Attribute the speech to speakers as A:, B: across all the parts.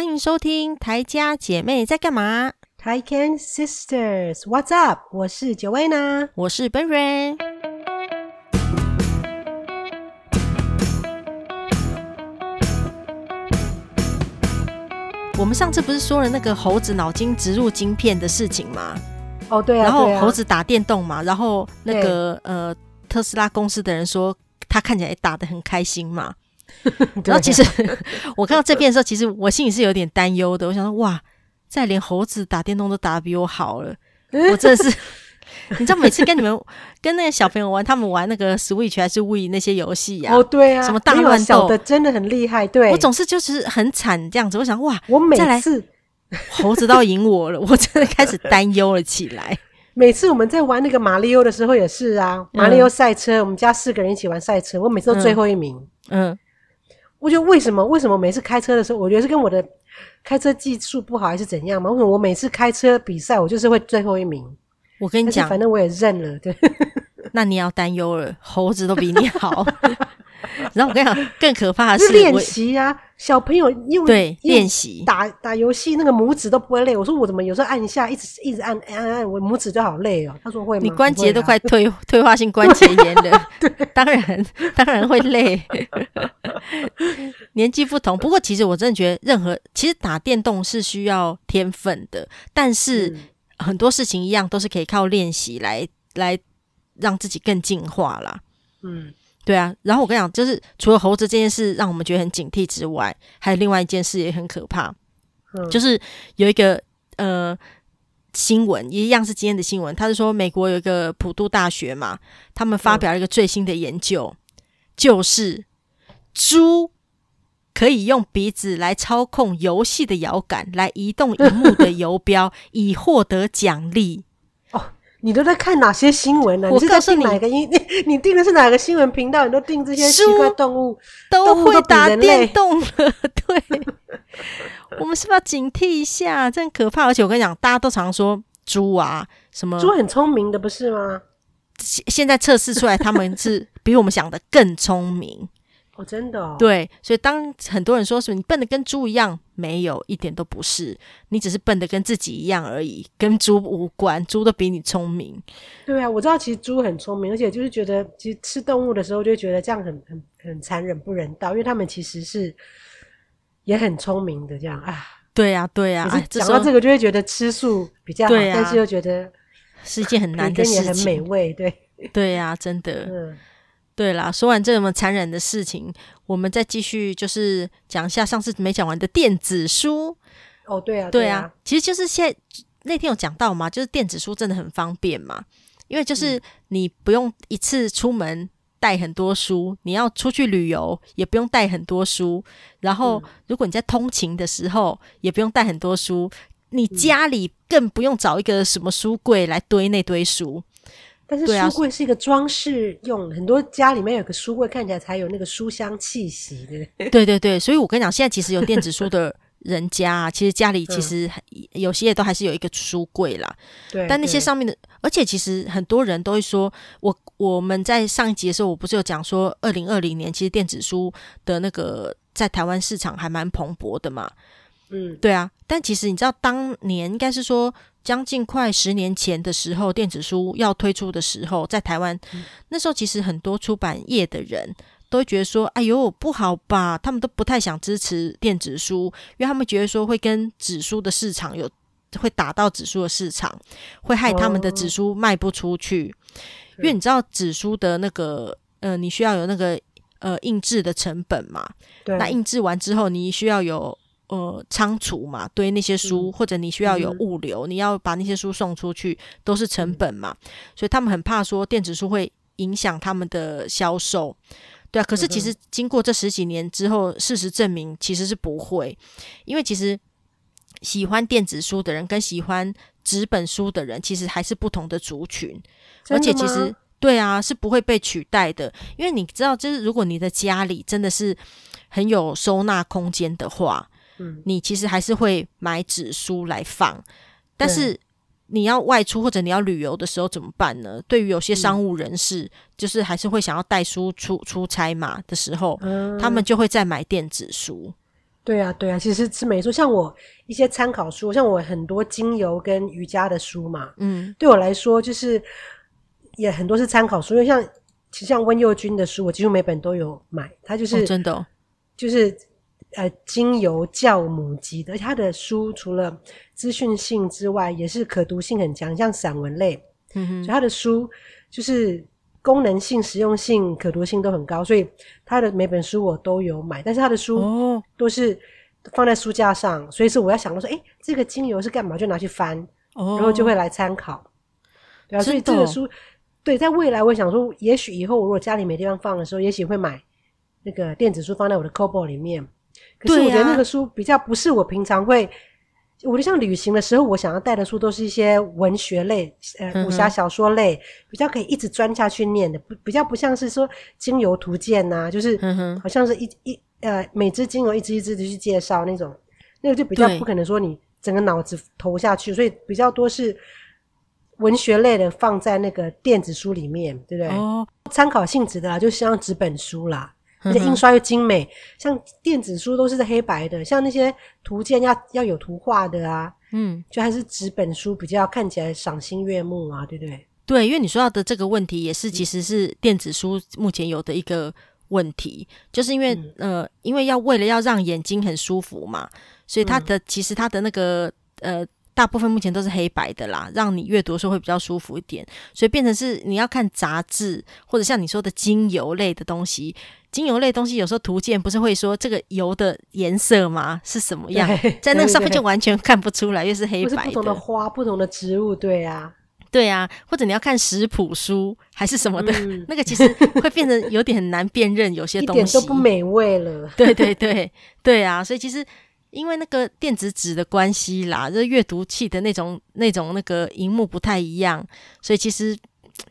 A: 歡迎收聽台家姐妹在幹嘛 Taiken Sisters, What's
B: up？我是九薇娜，我是 Berry。
A: 我們上次不是說了那個猴子腦筋植入晶片的事情嗎？
B: 哦，oh, 對啊。然後猴子打
A: 電動嘛，啊、然後那個對呃，特斯拉公司的人說他看起來打得很開心嘛。 然後其實我看到這邊的時候，其實我心裡是有點擔憂的。我想說，哇，再連猴子打電動都打得比我好了，我真的是你知道，每次跟你們跟那個小朋友玩，他們玩那個 Switch 還是 Wii 那些遊戲呀？哦，對啊，什麼大亂鬥，的真的很厲害。對，我總是就是很慘這樣子。我想，哇，我每次猴子都贏我了，我真的開始擔憂了起來。
B: 每次我們在玩那個馬利歐的時候也是啊，馬利歐賽車，我們家四個人一起玩賽車，我每次都最後一名。嗯。我覺得為什麼，為什麼每次開車的時候，我覺得是跟我的開車技術不好還是怎樣嘛？為什麼我每次開車比賽，我就是會最後一名。我跟你講，反正我也認了。對，
A: 那你要擔憂了，猴子都比你好。 然後我跟你講， 更可怕的是，是練習
B: 啊！我小朋友因為對練習打打遊戲，那個拇指都不會累。我說我怎麼有時候按一下一直一直按按按，哎哎哎，我拇指就好累哦。他說會嗎？你關節都快退
A: 退 化性關節炎了。 對，當然當然會累。 年紀不同，不過其實我真的覺得，任何其實打電動是需要天分的，但是很多事情一樣都是可以靠練習來來讓自己更進化啦。嗯。對啊，然後我跟你講，就是除了猴子這件事讓我們覺得很警惕之外，還有另外一件事也很可怕，嗯、就是有一個呃新聞，一樣是今天的新聞，他是說美國有一個普渡大學嘛，他們發表了一個最新的研究，嗯、就是豬可以用鼻子來操控遊戲的搖桿，來移動熒幕的游標， 以獲得獎勵。
B: 你都在看哪些新聞呢、啊？我告訴你，你是在訂哪個音你？你定的是哪個新聞頻道？你都訂這些奇怪動物，都會打電動了，動物都比人類 對，
A: 我們是不是要警惕一下？真可怕！而且我跟你講，大家都常說豬啊，什麼豬很
B: 聰明的，不是嗎？
A: 現現在測試出來，他們是比我們想的更聰明。
B: Oh, 真的、哦、對，
A: 所以當很多人說什麼你笨的跟豬一樣，沒有，一點都不是，你只是笨的跟自己一樣而已，跟豬無關，豬都比你聰明。
B: 對啊，我知道其實豬很聰明，而且就是覺得其實吃動物的時候就會覺得這樣很很很殘忍不人道，因為他們其實是也很聰明的，這樣啊。對啊，對啊，講到這個就會覺得吃素比較好，啊、但是又覺得
A: 是一件很難的事情，很美味，對對啊，真的。嗯對啦，說完這麼殘忍的事情，我們再繼續就是講一下上次沒講完的電子書。
B: 哦，對啊，對啊，
A: 對啊，其實就是現在，那天有講到嘛，就是電子書真的很方便嘛，因為就是你不用一次出門帶很多書，嗯、你要出去旅遊也不用帶很多書，然後、嗯、如果你在通勤的時候也不用帶很多書，你家裡更不用找一個什麼書櫃來堆那堆書。
B: 但是書櫃是一個裝飾用，啊、很多家裡面有個書櫃，看起來才有那個書香氣息，對不對？對對
A: 對，所以我跟你講，現在其實有電子書的人家、啊， 其實家裡其實有些也都還是有一個書櫃啦。對、
B: 嗯，但那些上
A: 面的，對對對，而且其實很多人都會說，我我們在上一集的時候，我不是有講說，二零二零年其實電子書的那個在台灣市場還蠻蓬勃的嘛。嗯，對啊，但其實你知道，當年應該是說將近快十年前的時候，電子書要推出的時候，在台灣，嗯、那時候其實很多出版業的人都會覺得說，哎呦不好吧，他們都不太想支持電子書，因為他們覺得說會跟紙書的市場有會打到紙書的市場，會害他們的紙書賣不出去，哦、因為你知道紙書的那個呃，你需要有那個呃印製的成本嘛，對那印製完之後，你需要有。呃，倉儲嘛，堆那些書，嗯、或者你需要有物流，嗯、你要把那些書送出去，都是成本嘛。所以他們很怕說電子書會影響他們的銷售，對啊。可是其實經過這十幾年之後，嗯、事實證明其實是不會，因為其實喜歡電子書的人跟喜歡紙本書的人其實還是不同的族群，
B: 而且其實
A: 對啊，是不會被取代的，因為你知道，就是如果你的家裡真的是很有收納空間的話。你其實還是會買紙書來放，但是你要外出或者你要旅遊的時候怎麼辦呢？對於有些商務人士，嗯、就是還是會想要帶書出出差嘛的時候，嗯、他們就會再買電子書。
B: 對啊，對啊，其實是沒錯。像我一些參考書，像我很多精油跟瑜伽的書嘛，嗯，對我來說就是也很多是參考書，因為像其實像溫佑君的書，我幾乎每本都有買，他就是真的就是。哦呃，精油教母級的，而且他的書除了資訊性之外，也是可讀性很強，像散文類，嗯、哼所以他的書就是功能性、實用性、可讀性都很高，所以他的每本書我都有買。但是他的書都是放在書架上，哦、所以是我要想到說，哎、欸，這個精油是幹嘛？就拿去翻，哦、然後就會來參考。對啊，所以這個書，對，在未來我想說，也許以後我如果家裡沒地方放的時候，也許會買那個電子書放在我的 Kobo 裡面。可是我覺得那個書比較不是我平常會，啊、我就像旅行的時候，我想要帶的書都是一些文學類、呃，武俠小說類，嗯、哼比較可以一直鑽下去念的，不比較不像是說精油圖鑑吶、啊，就是好像是一一呃每支精油一支一支的去介紹那種，那個就比較不可能說你整個腦子投下去，對所以比較多是文學類的放在那個電子書裡面，對不對？參、哦、考性質的啦，就像紙本書啦。而且印刷又精美，嗯、哼像電子書都是黑白的，像那些圖鑑要要有圖畫的啊，嗯，就還是紙本書比較看起來賞心悅目啊，對不對，對？
A: 對，因為你說到的這個問題，也是其實是電子書目前有的一個問題，嗯、就是因為、嗯、呃，因為要為了要讓眼睛很舒服嘛，所以它的、嗯、其實它的那個呃。大部分目前都是黑白的啦，讓你閱讀的時候會比較舒服一點，所以變成是你要看雜誌或者像你說的精油類的東西，精油類的東西有時候圖鑑不是會說這個油的顏色嗎？是什麼樣？對在那個上面就完
B: 全看不出來，對對對，又是黑白不，是不同的花，不同的植物，對啊對
A: 啊。或者你要看食譜書還是什麼的，嗯、 那個其實會變成有點難辨認，有些東西 一點都不美
B: 味了。 對對對
A: 對啊，所以其實。因為那個電子紙的關係啦，這閱讀器的那種、那種、那個螢幕不太一樣，所以其實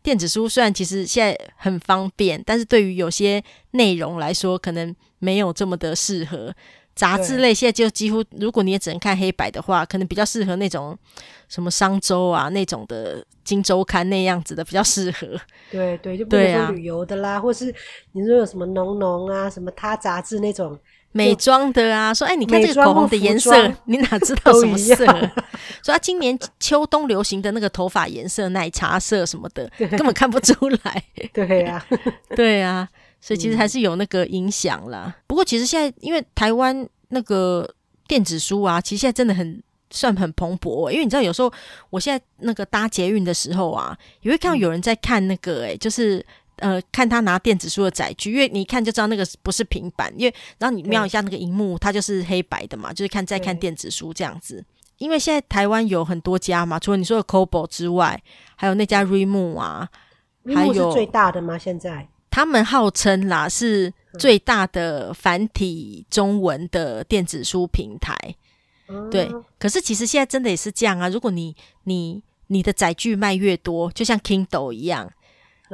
A: 電子書雖然其實現在很方便，但是對於有些內容來說，可能沒有這麼的適合。雜誌類現在就幾乎，如果你也只能看黑白的話，可能比較適合那種什麼商周啊那種的《今周刊》那樣子的比較適合。
B: 對對，就比如說旅遊的啦，啊、或是你說有什麼濃濃啊、什麼他雜誌那種。美妝
A: 的啊，說哎、欸，你看這個口紅的顏色，你哪知道什麼色？一說他今年秋冬流行的那個頭髮顏色，奶茶色什麼的， 根本看不出來。對呀、啊， 對呀、啊，所以其實還是有那個影響啦。嗯、不過其實現在，因為台灣那個電子書啊，其實現在真的很算很蓬勃，欸。因為你知道，有時候我現在那個搭捷運的時候啊，也會看到有人在看那個、欸，哎，就是。呃，看他拿電子書的載具，因為你一看就知道那個不是平板，因為然後你瞄一下那個熒幕，對它就是黑白的嘛，就是看在對看電子書這樣子。因為現在台灣有很多家嘛，除了你說的 Kobo 之外，還有那家 Readmoo 啊，還有是最
B: 大的嗎？現在
A: 他們號稱啦是最大的繁體中文的電子書平台，嗯、對。嗯、可是其實現在真的也是這樣啊，如果你你你的載具賣越多，就像 Kindle 一樣。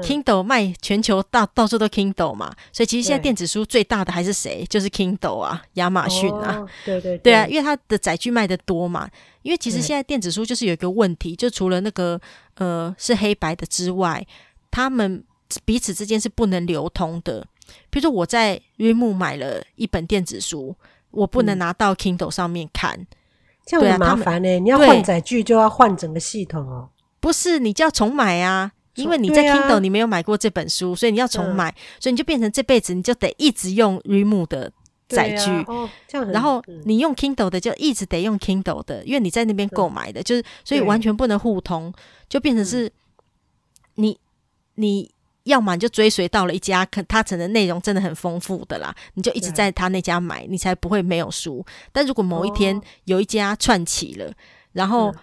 A: Kindle 賣全球到、嗯、到處都 Kindle 嘛，所以其實現在電子書最大的還是誰？對就是 Kindle 啊，亞馬遜啊、
B: 哦，對對對，對啊，因為
A: 它的載具賣的多嘛。因為其實現在電子書就是有一個問題，對就除了那個呃是黑白的之外，它們彼此之間是不能流通的。比如說我在瑞 i m 買了一本電子書，我不能拿到 Kindle 上面
B: 看，嗯對啊、這樣很麻煩呢、欸。們你要換載具就要換整個系統哦，
A: 不是你就要重買啊。因為你在 Kindle，你沒有買過這本書，啊、所以你要重買，啊、所以你就變成這輩子你就得一直用 Readmoo 的載具，
B: 啊哦、然後
A: 你用 Kindle 的就一直得用 Kindle 的，因為你在那邊購買的，對就是所以完全不能互通，對就變成是你你要麼你就追隨到了一家，可它可能內容真的很豐富的啦，你就一直在他那家買，啊、你才不會沒有書。但如果某一天有一家串起了，對然後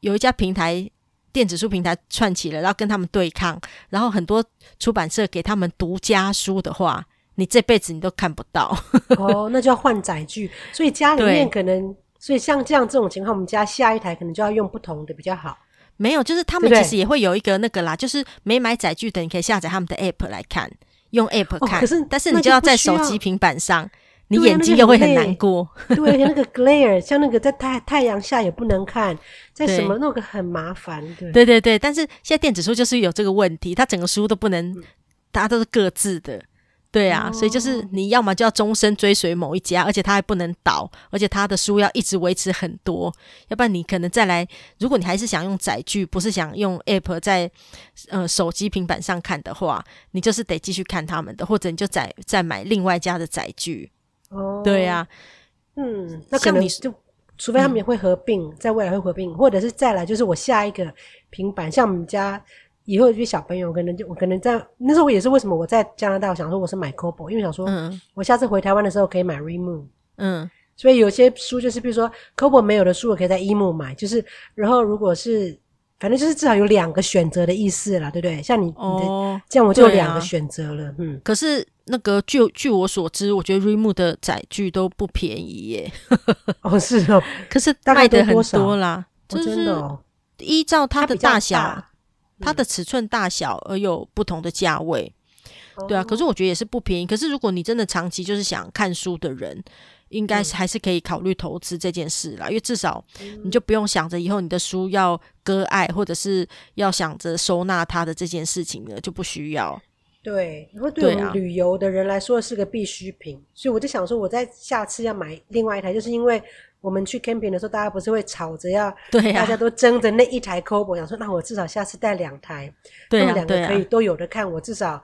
A: 有一家平台。電子書平台串起了，然後跟他們對抗，然後很多出版社給他們獨家書的話，你這輩子你都看不到。
B: 哦，那就要換載具，所以家裡面可能，對所以像這樣這種情況，我們家下一台可能就要用不同的比較好。沒有，就是他們其實也
A: 會有一個那個啦，對對就是沒買載具的，你可以下載他們的 app 來看，用 app 看，哦、可是但是你就要在手機平板上。
B: 你眼睛又會很，啊、很難過， 對，那個 glare，像那個在太太陽下也不能看，在什麼對那個很麻煩。對，對，對，對。但是
A: 現在電子書就是有這個問題，它整個書都不能，它都是各自的，對啊。哦、所以就是你要麼就要終身追隨某一家，而且它還不能倒，而且它的書要一直維持很多，要不然你可能再來，如果你還是想用載具，不是想用 app 在呃手機平板上看的話，你就是得繼續看他們的，或者你就再再買另外一家的載具。
B: 哦，對呀、啊，嗯，那可能就你除非他們也會合併，嗯、在未來會合併，或者是再來就是我下一個平板，像我們家以後有些小朋友可能就我可能在那時候，我也是為什麼我在加拿大我想說我是買 Kobo 因為想說我下次回台灣的時候可以買 Reimu，嗯，所以有些書就是比如說 Kobo 沒有的書，我可以在 Emo 買，就是然後如果是反正就是至少有兩個選擇的意思啦，對不對，對？像你，哦、你的，這樣我就有兩個選擇了，啊、嗯，可是。那個
A: 據據我所知，我覺得 Readmoo 的載具都不便宜耶。
B: 哦，是哦，可是賣的很多啦，真的哦、就
A: 是依照它的大小、它，大嗯、它的尺寸大小而有不同的價位。嗯、對啊，可是我覺得也是不便宜。可是如果你真的長期就是想看書的人，應該還是可以考慮投資這件事啦，嗯、因為至少你就不用想着以後你的書要割愛，或者是要想着收納它的這件事情了，就不需要。
B: 對，然後對我們旅遊的人來說是個必需品，啊、所以我就想說，我在下次要買另外一台，就是因為我們去 camping 的時候，大家不是會吵着要，大家都爭着那一台 Kobo、啊、想說那我至少下次帶兩台，那麼、啊、兩個可以都有的看，啊、我至少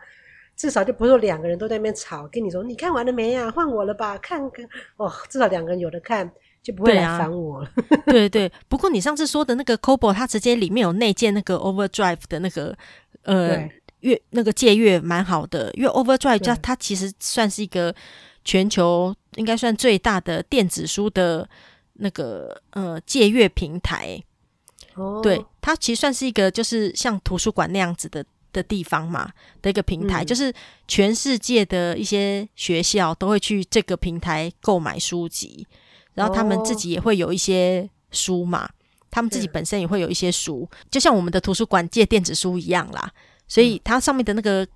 B: 至少就不會兩個人都在那邊吵，跟你說你看完了沒呀、啊？換我了吧，看看，哦，至少兩個人有的看，就不會來煩我了。
A: 對，啊、 對對，不過你上次說的那個 Kobo，它直接裡面有內建那個 Overdrive 的那個，呃。越那個借閱蠻好的，因為 OverDrive 它對它其實算是一個全球應該算最大的電子書的那個呃借閱平台。哦、對，它其實算是一個就是像圖書館那樣子的的地方嘛的一個平台，嗯、就是全世界的一些學校都會去這個平台購買書籍，然後他們自己也會有一些書嘛，哦、他們自己本身也會有一些書，是就像我們的圖書館借電子書一樣啦。所以它上面的那個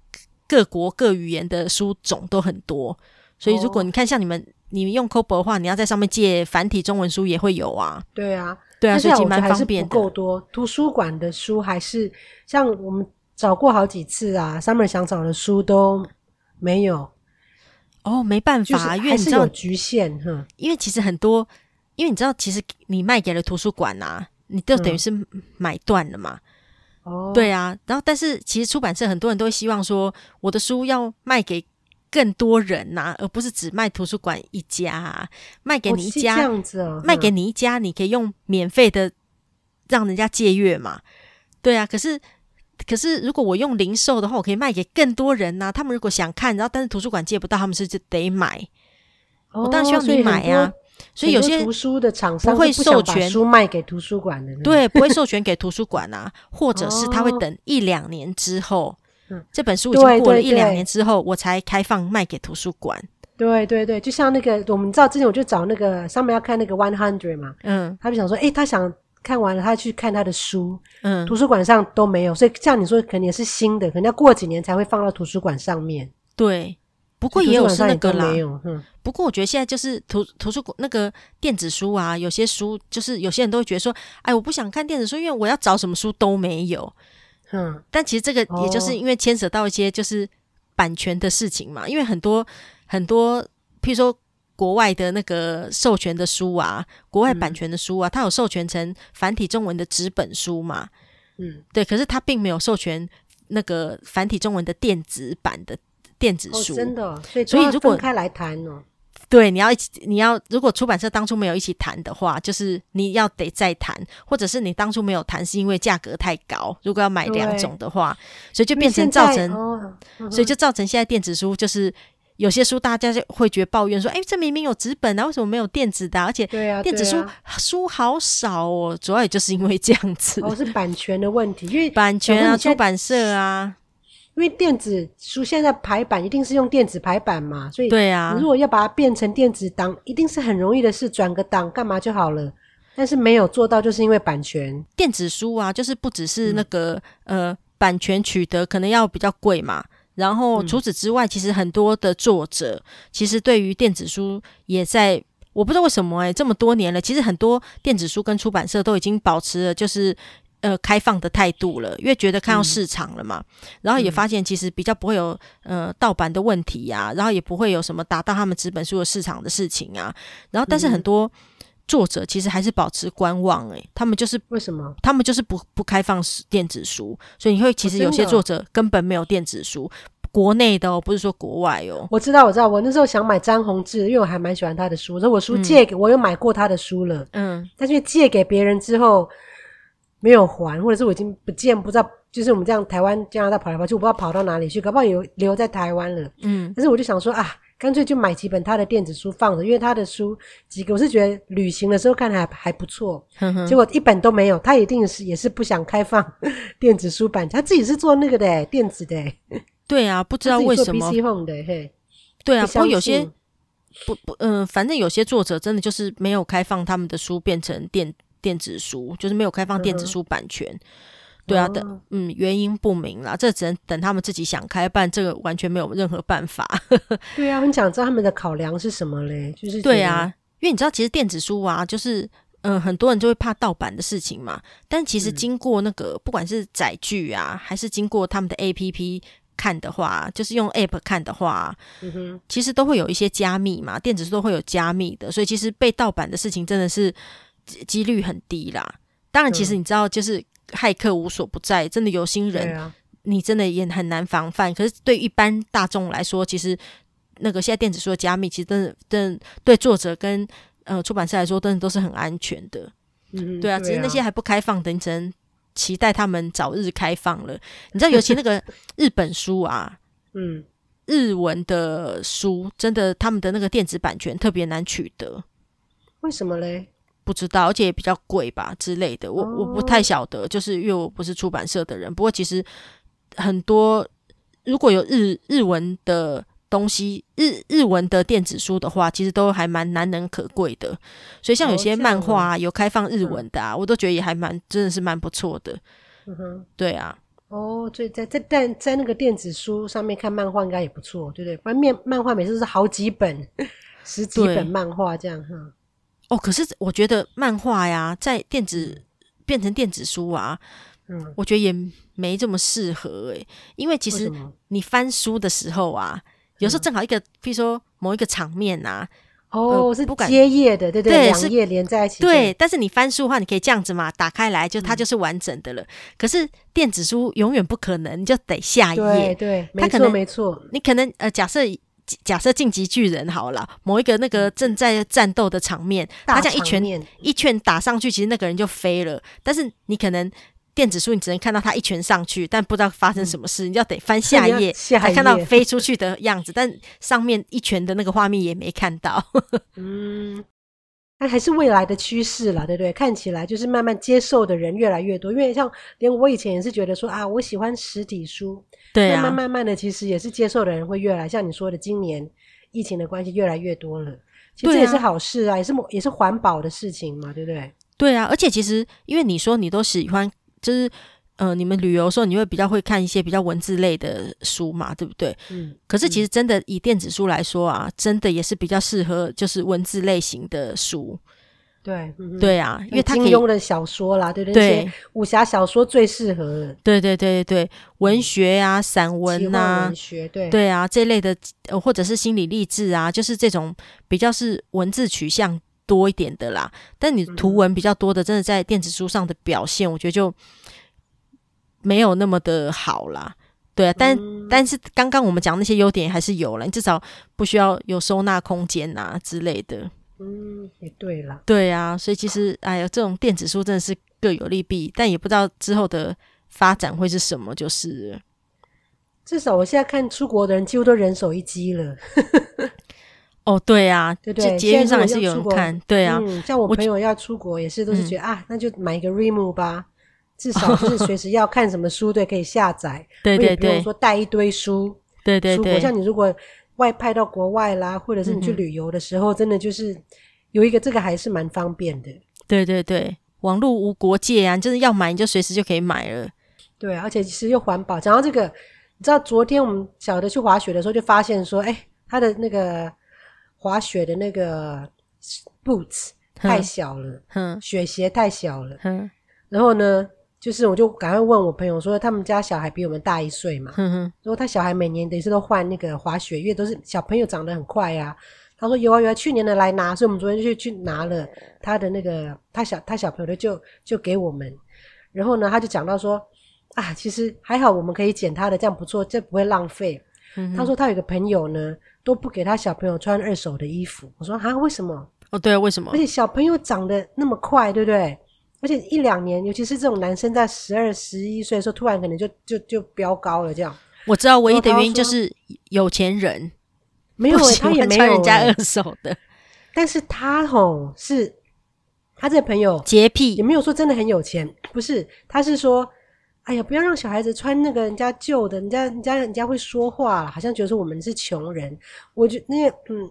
A: 各國各語言的書種都很多，所以如果你看像你們你們用 Kobo 的話，你要在上面借繁體中文書也會有啊。對啊，對啊，所以還是不
B: 夠多。圖書館的書還是像我們找過好幾次啊，Summer 想找的書都沒有。哦，沒辦法，因為是，是有局限哈。因為，呵因為其實很多，因為你知道，
A: 其實你賣給了圖書館啊，你就等於是買斷了嘛。嗯對啊，然後但是其實出版社很多人都會希望說，我的書要賣給更多人吶、啊，而不是只賣圖書館一家、啊。賣給你一家，這樣子、啊、賣給你一家，你可以用免費的讓人家借閱嘛。嗯、對啊，可是可是如果我用零售的話，我可以賣給更多人吶、啊。他們如果想看，然後但是圖書館借不到，他們是不是就得買。
B: 哦、我當然希望你買呀、啊。哦所以有些圖書的廠商不會授權，不會授權給、啊、會賣給圖書館、欸、的， 對，
A: 不會授權給圖書館啊，
B: 或者是他會等一
A: 兩年之後，嗯，這本書已經過了一兩年之後，我才開放賣給圖書館。
B: 對對對，就像那個我們知道之前，我就找那個上面要看那個 One Hundred 嘛，嗯，他就想說，誒、欸，他想看完了，他去看他的書，嗯，圖書館上都沒有，所以像你說可能也是新的，可能要過幾年才會放到圖書館上面。
A: 對。不過也有是那個啦。嗯、不過我覺得現在就是圖圖書館那個電子書啊，有些書就是有些人都會覺得說，哎，我不想看電子書，因為我要找什麼書都沒有。嗯，但其實這個也就是因為牽扯到一些就是版權的事情嘛，因為很多很多，譬如說國外的那個授權的書啊，國外版權的書啊，嗯、它有授權成繁體中文的紙本書嘛。嗯，對，可是它並沒有授權那個繁體中文的電子版的。電子書、哦、
B: 真的、哦，所以，哦、所以如果分開來談，
A: 對，你要一起，你要如果出版社當初沒有一起談的話，就是你要得再談，或者是你當初沒有談是因為價格太高。如果要買兩種的話，對所以就變成造成，哦嗯、所以就造成現在電子書就是有些書大家就會覺得抱怨說，哎，這明明有紙本啊，為什麼沒有電子的、啊？而且電子書、
B: 啊啊、書好少哦，主要也就是因為這樣子，哦、是版權的問題，因為版權啊，出版社啊。因為電子書現在排版一定是用電子排版嘛，所以對啊。如果要把它變成電子檔，一定是很容易的事，轉個檔幹嘛就好了。但是沒有做到，就是因為版權。
A: 電子書啊，就是不只是那個、嗯、呃版權取得可能要比較貴嘛。然後除此之外，嗯、其實很多的作者其實對於電子書也在，我不知道為什麼哎，這麼多年了，其實很多電子書跟出版社都已經保持了就是。呃，開放的態度了，因為覺得看到市場了嘛，嗯、然後也發現其實比較不會有呃盜版的問題呀、啊，嗯、然後也不會有什麼打到他們紙本書的市場的事情啊，然後但是很多作者其實還是保持觀望誒、欸，嗯、他們就是為什麼？他們就是不不開放電子書，所以你會其實有些作者根本沒有電子書，哦哦、國內的哦，不是說國外哦。
B: 我知道，我知道，我那時候想買張宏志，因為我還蠻喜歡他的書，所以我書借給、嗯、我有買過他的書了，嗯，但是借給別人之後。沒有還，或者是我已經不見，不知道，就是我們這樣台灣、加拿大跑來跑去，我不知道跑到哪裡去，搞不好留在台灣了。嗯，但是我就想說啊，乾脆就買幾本他的電子書放着，因為他的書幾個，我是覺得旅行的時候看還還不錯。嗯、哼結果一本都沒有，他一定是也是不想開放 電子書版，他自己是做那個的、欸，電子的、欸。對啊，不知道為什麼。做 PC Home 的、欸，嘿。對啊，不，不過有些
A: 不不嗯、呃，反正有些作者真的就是沒有開放他們的書變成電。電子書就是沒有開放電子書版權，嗯、對啊，等嗯原因不明啦，哦、這只能等他們自己想開辦，這個完全沒有任何辦法。
B: 對啊，很想知道他們的考量是什麼嘞？就是對啊，因
A: 為你知道，其實電子書啊，就是嗯、呃，很多人就會怕盜版的事情嘛。但其實經過那個，嗯、不管是載具啊，還是經過他們的 A P P 看的話，就是用 App 看的話，嗯、哼其實都會有一些加密嘛，電子書都會有加密的，所以其實被盜版的事情真的是。幾率很低啦。當然，其實你知道，就是駭客無所不在，嗯、真的有心人，啊、你真的也很難防範。可是對一般大眾來說，其實那個現在電子書的加密，其實真的對對作者跟呃出版社來說，真的都是很安全的。嗯、對啊，只是、啊、那些還不開放的，你只能期待他們早日開放了。你知道，尤其那個日本書啊，嗯， 日文的書，真的他們的那個電子版權特別難取得。
B: 為什麼嘞？
A: 不知道，而且也比較貴吧之類的。我我不太曉得，哦、就是因為我不是出版社的人。不過其實很多如果有日日文的東西，日日文的電子書的話，其實都還蠻難能可貴的。所以像有些漫畫、啊、有開放日文的、啊，哦、我都覺得也還蠻真的是蠻不錯的。嗯
B: 哼，對啊。哦，所以在在但在那個電子書上面看漫畫應該也不錯，對不對？反正漫漫畫每次都是好幾本、 十幾本漫畫這樣哈。
A: 哦，可是我覺得漫畫呀，在電子變成電子書啊，嗯，我覺得也沒這麼適合誒、欸。因為其實你翻書的時候啊，有時候正好一個，比如說某一個場面吶、啊，
B: 哦，呃、是不敢接頁的，對敢對，兩頁是連在一起，對。
A: 但是你翻書的話，你可以這樣子嘛，打開來就它就是完整的了。嗯、可是電子書永遠不可能，你就得下一頁，
B: 對，沒錯沒錯
A: 錯，你可能呃，假設。假設進擊巨人好了，某一個那個正在戰鬥的場面，場面他這樣一拳一拳打上去，其實那個人就飛了。但是你可能電子書，你只能看到他一拳上去，但不知道發生什麼事，嗯、你要得翻下一頁才看到飛出去的樣子， 但上面一拳的那個畫面也沒看到。 嗯。
B: 那還是未來的趨勢啦，對不對？看起來就是慢慢接受的人越來越多，因為像連我以前也是覺得說啊，我喜歡實體書，對啊，慢慢慢慢的其實也是接受的人會越來，像你說的，今年疫情的關係越來越多了，其實這也是好事啊，啊也是也是環保的事情嘛，對不對？
A: 對啊，而且其實因為你說你都喜歡就是。呃，你們旅遊的時候，你會比較會看一些比較文字類的書嘛，對不對？嗯。可是其實真的以電子書來說啊，嗯、真的也是比較適合就是文字類型的書。
B: 對，對啊，因為它可以金庸的小說啦，對不對，對，那些武俠小說最適合。對對對
A: 對對，文學啊、嗯、散文啊，文學
B: 對對啊，
A: 這一類的、呃，或者是心理勵志啊，就是這種比較是文字取向多一點的啦。但你圖文比較多的，真的在電子書上的表現，我覺得就。沒有那麼的好啦，對、啊，但、嗯、但是剛剛我們講的那些優點還是有了，你至少不需要有收納空間吶、啊、之類的。嗯、也、欸、對啦。對啊，所以其實好哎呀，這種電子書真的是各有利弊，但也不知道之後的發展會是什麼，就是。
B: 至少我現在看出國的人幾乎都人手一機了。
A: 哦，對啊，對對，捷運上也是有人看，對啊、嗯，像我
B: 朋友要出國也是，我都是覺得、嗯、啊，那就買一個 Remo 吧。至少就是隨時要看什麼書，對，可以下載， 對對對，也不用說帶一堆書，對對對。像你如果外派到國外啦，或者是你去旅遊的時候，嗯、哼真的就是有一個這個還是蠻方便的。
A: 對對對，網絡無國界啊，你真的要買你就隨時就可以買了。
B: 對，而且其實又環保。然後這個，你知道昨天我們小的去滑雪的時候就發現說，哎、欸，他的那個滑雪的那個 boots 太小了，嗯，嗯雪鞋太小了，嗯、然後呢？就是，我就趕快問我朋友說，他們家小孩比我們大一歲嘛。嗯哼，說他小孩每年等於是都換那個滑雪，因為都是小朋友長得很快啊。他說有啊有啊，去年的來拿，所以我們昨天就去拿了他的那個，他小他小朋友的就就給我們。然後呢，他就講到說啊，其實還好我們可以撿他的，這樣不錯，這不會浪費，啊。他說他有個朋友呢，都不給他小朋友穿二手的衣服。我說啊，為什麼？哦，對，為什麼？而且小朋友長得那麼快，對不對？而且一兩年，尤其是這種男生在，在十二、十一歲的時候，突然可能就就就飆高了。這樣我知道，唯一的原因就是
A: 有錢人，沒有啊、欸，他也沒有、欸、不穿人家二
B: 手的。但是他吼是，他這朋友潔癖，也沒有說真的很有錢，不是，他是說，哎呀，不要讓小孩子穿那個人家舊的，人家、人家、人家會說話了，好像覺得說我們是窮人。我覺得那個、嗯。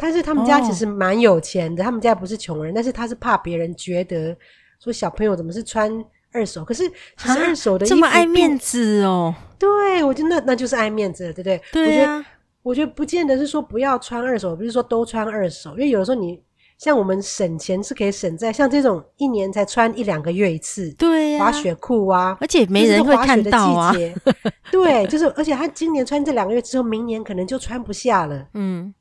B: 但是他們家其實蠻有錢的，oh. 他們家不是窮人，但是他是怕別人覺得說小朋友怎麼是穿二手，可是其實二手的衣服這麼愛面子哦？對，我覺得那那就是愛面子了，對不對，對？對啊，我覺得，我覺得不見得是說不要穿二手，不是說都穿二手，因為有的時候你像我們省錢是可以省在像這種一年才穿一兩個月一次，對啊，滑雪褲啊，而且沒人會看到啊。就是滑雪的季節。 對，就是而且他今年穿這兩個月之後，明年可能就穿不下了。嗯。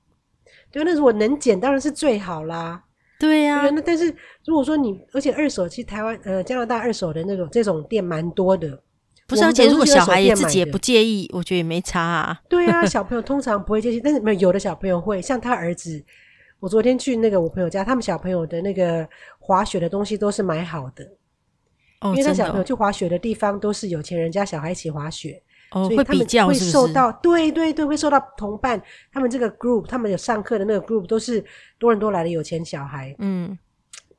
B: 因為那是我能撿當然是最好啦。對呀、啊，那、嗯、但是如果說你，而且二手其實台灣呃加拿大二手的那種這種店蠻多的。
A: 不是，是而且如果小孩也自己也不
B: 介意，我覺得也沒差。啊。 對呀、啊，小朋友通常不會介意，但是沒有有的小朋友會，像他兒子。我昨天去那個我朋友家，他們小朋友的那個滑雪的東西都是買好的。哦、真的、因為他小朋友去滑雪的地方的都是有錢人家小孩一起滑雪。哦，會比較會受到，對對對，會受到同伴他們這個 group，他們有上課的那個 group 都是多倫多來的有錢小孩，嗯，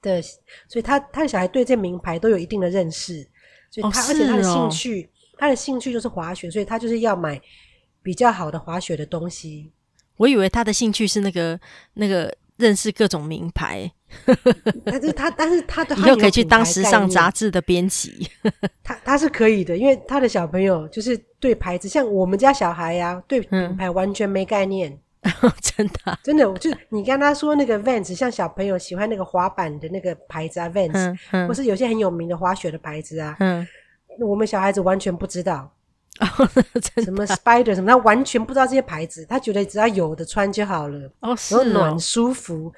B: 對，所以他他的小孩對這名牌都有一定的認識，所以他而且他的興趣他的興趣就是滑雪，所以他就是要買比較好的滑雪的東西。
A: 哦是哦，我以為他的興趣是那個那個。認識各種名牌，
B: 但是他，但是他的，又可以去當時尚雜誌
A: 的編輯，
B: 他他是可以的，因為他的小朋友就是對牌子，像我們家小孩呀、啊，對名牌完全沒概念，嗯、 真的、啊、真的，就你跟他說那個 Vans，像小朋友喜歡那個滑板的那個牌子啊 Vans、嗯嗯、或是有些很有名的滑雪的牌子啊，嗯，那我們小孩子完全不知道。 什麼 Spider 什麼，他完全不知道這些牌子，他覺得只要有的穿就好了。哦，然後暖舒服，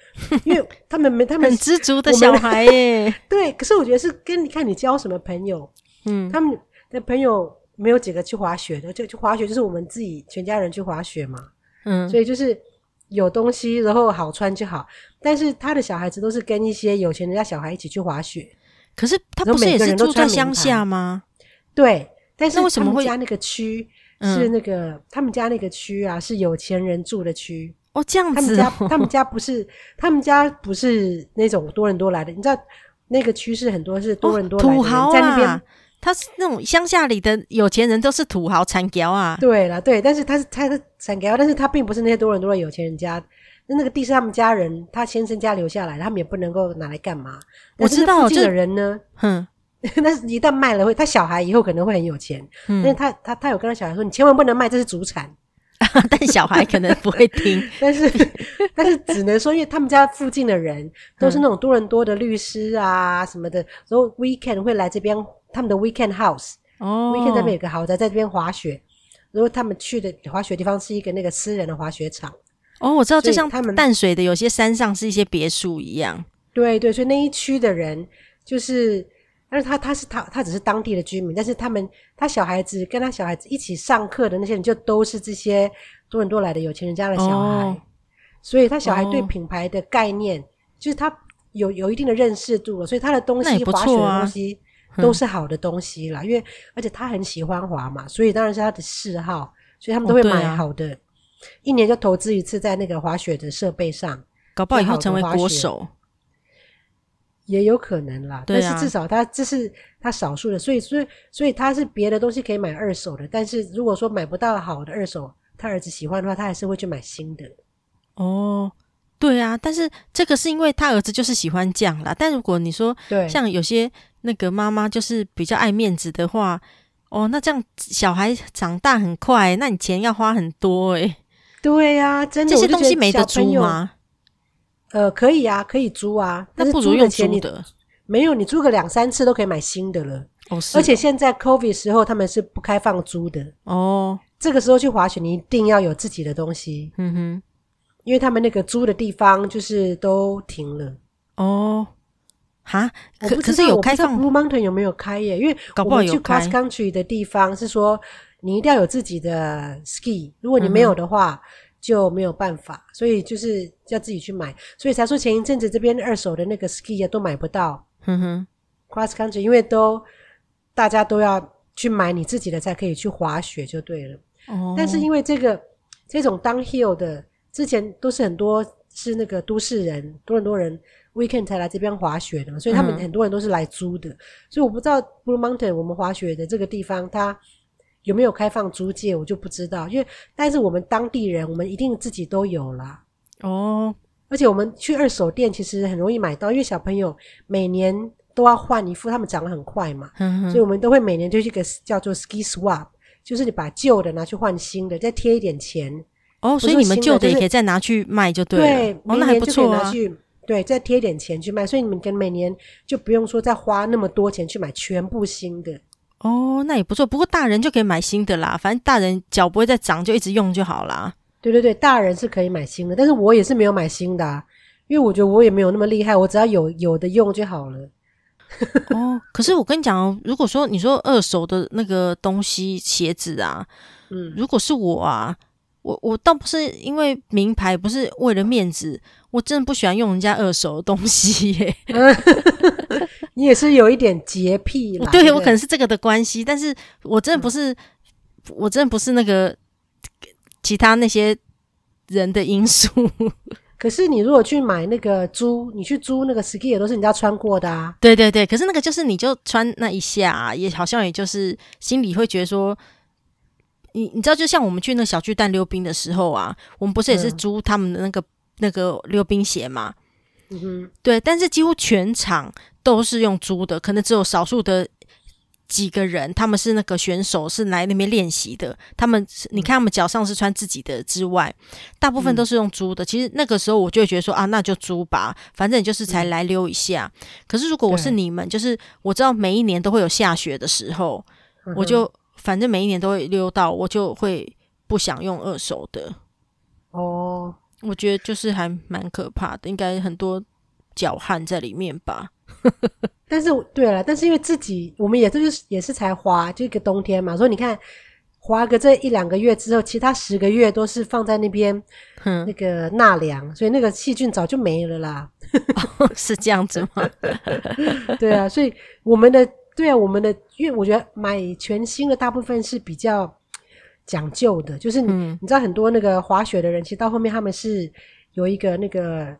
B: 因為他們沒，他們 很知足的小孩耶。對，可是我覺得是跟你看你交什麼朋友。嗯，他們的朋友沒有幾個去滑雪的，就去滑雪就是我們自己全家人去滑雪嘛。嗯，所以就是有東西然後好穿就好，但是他的小孩子都是跟一些有錢人家小孩一起去滑雪。可是他不是也是住在鄉下嗎？對。但是他們家那個區是那個他們家那個區啊，是有錢人住的區哦，這樣子。他們家他們家,他們家不是他們家不是那種多倫多來的，你知道那個區是很多是多倫多土豪啊。他是那種
A: 鄉下裡的有錢人都是土豪殘郊啊。
B: 對啦，對，但是他是他是殘郊，但是他並不是那些多倫多的有錢人家，那個地是他們家人他先生家留下來，他們也不能夠拿來幹嘛。我知道這個人呢，嗯。但是一旦賣了會，會他小孩以後可能會很有錢。嗯，但是他他他有跟他小孩說：“你千萬不能賣，這是祖產。啊”但小孩可能不會聽。 但是， 但是只能說，因為他們家附近的人、嗯、都是那種多倫多的律師啊什麼的，所以 Weekend 會來這邊他們的 Weekend House 哦，Weekend 那邊有個豪宅，在這邊滑雪。然後他們去的滑雪地方是一個那個私人的滑雪場
A: 哦，我知道，就像他們淡水的有些山上是一些別墅一樣。
B: 對，對對，所以那一區的人就是。但是他他是他他只是當地的居民，但是他們他小孩子跟他小孩子一起上課的那些人，就都是這些多倫多來的有錢人家的小孩，哦、所以他小孩對品牌的概念，哦、就是他有有一定的認識度了，所以他的東西、啊、滑雪的東西都是好的東西啦。嗯、因為而且他很喜歡滑嘛，所以當然是他的嗜好，所以他們都會買好的，哦啊、一年就投資一次在那個滑雪的設備上，搞不好以後好滑雪成為國手。也有可能啦，對啊、但是至少他這是他少數的，所以所以所以他是別的東西可以買二手的，但是如果說買不到好的二手，他兒子喜歡的話，他還是會去買新的。哦，
A: 對啊，但是這個是因為他兒子就是喜歡這樣啦。但如果你說對像有些那個媽媽就是比較愛面子的話，哦，那這樣小孩長大很快，那你錢要花很多誒、欸。
B: 對呀、啊，真的這些東西沒得租嗎？呃，可以啊，可以租啊，但是租的錢你用的沒有，你租個兩三次都可以買新的了。哦，是。而且現在 COVID 時候他們是不開放租的。哦。這個時候去滑雪，你一定要有自己的東西。嗯哼。因為他們那個租的地方就是都停了。哦。哈？我不知道，可，可是有開放？我不知道 Blue Mountain 有沒有開耶，欸，因為我去 cross country 的地方是說，你一定要有自己的 ski，如果你沒有的話。嗯就沒有辦法，所以就是要自己去買。所以才說前一陣子這邊二手的那個 ski 啊都買不到。嗯哼，cross country 因為都大家都要去買你自己的才可以去滑雪就對了。哦。但是因為這個這種 down hill 的之前都是很多是那個都市人多很多人 weekend 才來這邊滑雪的，所以他們很多人都是來租的。所以我不知道 Blue Mountain 我們滑雪的這個地方它有沒有開放租借？我就不知道，因為但是我們當地人，我們一定自己都有了哦。Oh. 而且我們去二手店其實很容易買到，因為小朋友每年都要換一副，他們長得很快嘛，嗯、哼所以我們都會每年就去一個叫做 ski swap，就是你把舊的拿去換新的，再貼一點錢。哦、oh, 就是，所以你們舊的也可以
A: 再拿去賣，就對了。對，oh, 那還不錯、啊。去，
B: 對，再貼一點錢去賣，所以你們跟每年就不用說再花那麼多錢去買全部新的。嗯
A: 哦，那也不錯。不過大人就可以買新的啦，反正大人腳不會再長，就一直用就好啦。
B: 對對對，大人是可以買新的，但是我也是沒有買新的啊，因為我覺得我也沒有那麼厲害，我只要有有的用就好了。
A: 哦，可是我跟你講，如果說你說二手的那個東西鞋子啊，嗯，如果是我啊，我我倒不是因為名牌，不是為了面子，我真的不喜歡用人家二手的東西耶。
B: 你也是有一點潔癖，對，對吧？我可能
A: 是這個的關係，但是我真的
B: 不是，嗯、我真的不是那個其他那些人的因素。可是你如果去買那個租，你去租那個 ski 也都是人家穿過的啊。
A: 對對對，可是那個就是你就穿那一下，啊，也好像也就是心裡會覺得說，你你知道，就像我們去那小巨蛋溜冰的時候啊，我們不是也是租他們的那個、嗯、那個溜冰鞋嘛？嗯哼，對，但是幾乎全場。都是用租的，可能只有少數的幾個人，他們是那個選手，是來那邊練習的。他們，你看他們腳上是穿自己的之外，大部分都是用租的。嗯、其實那個時候我就會覺得說啊，那就租吧，反正你就是才來溜一下。嗯、可是如果我是你們，對就是我知道每一年都會有下雪的時候，呵呵，我就反正每一年都會溜到，我就會不想用二手的。哦，Oh. 我覺得就是還蠻可怕的，應該很多腳汗在裡面吧。
B: 但是，對了、啊，但是因為自己，我們也就是也是才滑就一個冬天嘛，所以你看，滑個這一兩個月之後，其他十個月都是放在那邊、嗯、那個納涼，所以那個細菌早就沒了啦。哦、是這樣子
A: 嗎？
B: 對啊，所以我們的，對啊，我們的，因為我覺得買全新的大部分是比較講究的，就是你、嗯、你知道很多那個滑雪的人，其實到後面他們是有一個那個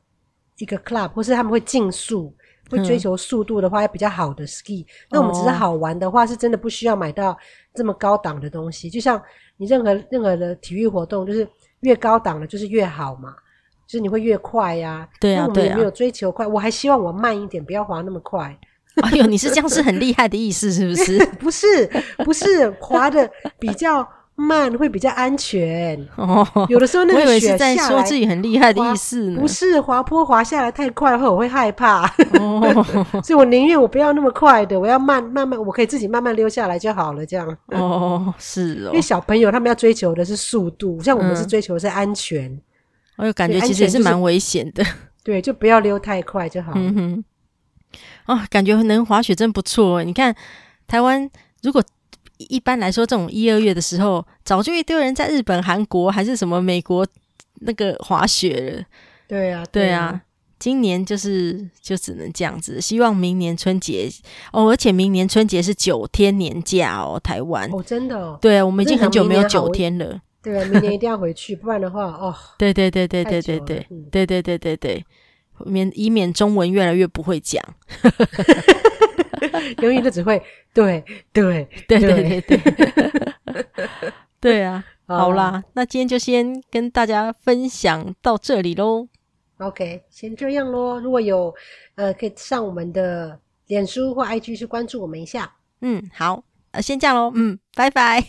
B: 一個 club，或是他們會競速。會追求速度的話，要比較好的 ski。那我們只是好玩的話，哦、是真的不需要買到這麼高檔的東西。就像你任何任何的體育活動，就是越高檔的，就是越好嘛，就是你會越快呀、啊。對啊，對啊。我們沒有追求快，啊、我還希望我慢一點，不要滑那麼快。
A: 哎呦，你是僵屍很厲害的意思是不是？
B: 不是，不是，滑的比較。慢會比較安全。Oh, 有的時候那個雪下來，我是在說自己很厲害的意思呢？不是，滑坡滑下來太快會，我會害怕。 oh, 所以我寧願我不要那麼快的，我要慢慢慢，我可以自己慢慢溜下來就好了。這樣哦
A: ，oh, 嗯、是哦。因為小
B: 朋友他們要追求的是速度，像我們是追求的是安全。我
A: 有、嗯、感覺其實也是蠻危險的。
B: 對，就不要溜太快就
A: 好。嗯哼。哦，感覺能滑雪真不錯。你看，台灣如果。一般來說，這種一二月的時候，早就一堆人在日本、韓國還是什麼美國那個滑雪了。
B: 對啊，對
A: 啊，今年就是就只能這樣子。希望明年春節哦，而且明年春節是九天年假哦，台灣
B: 哦，真的哦。對啊，我們已經很久沒有九天了。對啊，明年一定要回去，不然的話哦。 對，對，對對對對對
A: 對對對對對對對，免以免中文越來越不會講。
B: 永遠都只會對對對對對對，對,對,對, 對啊，
A: 好啦，Oh. 那今天就先跟大家分享到這裡嘍。
B: OK，先這樣咯，如果有呃，可以上我們的臉書或 IG 去關注我們一下。嗯，
A: 好，呃，先這樣咯，嗯，拜拜。